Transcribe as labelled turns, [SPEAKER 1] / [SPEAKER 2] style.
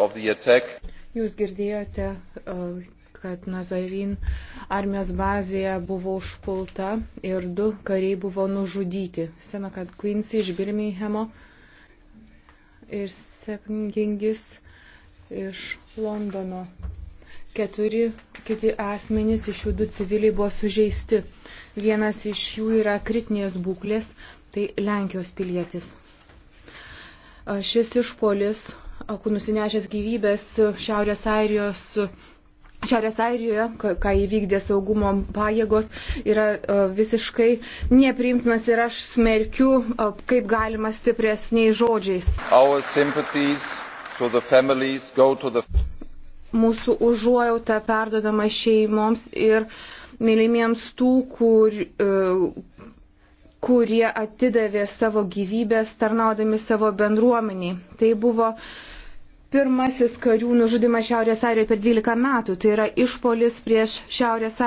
[SPEAKER 1] Jūs
[SPEAKER 2] girdėjote, e, kad Nazarin armijos bazėje buvo užpulta ir du kariai buvo nužudyti. Sena, kad Quincy iš Birminghamo ir Sepingingis iš Londono. Keturi kiti asmenys iš jų du civiliai buvo sužeisti. Vienas iš jų yra kritinės būklės, tai Lenkijos pilietis. E, šis išpolis akų nusinešęs gyvybės Šiaurės Airijos Šiaurės Airijoje, ką įvykdė saugumo pajėgos, yra e, visiškai nepriimtinas ir aš smerkiu, e, kaip galima stipresniais žodžiais.
[SPEAKER 1] Families, the...
[SPEAKER 2] Mūsų užuojauta perdodama šeimoms ir mylimiems tų, kur, e, kurie atidavė savo gyvybės, tarnaudami savo bendruomeniai. Tai buvo uh, pirmasis karių nužudymas Šiaurės Airijoje per 12 metų. Tai yra išpolis prieš Šiaurės Airiją.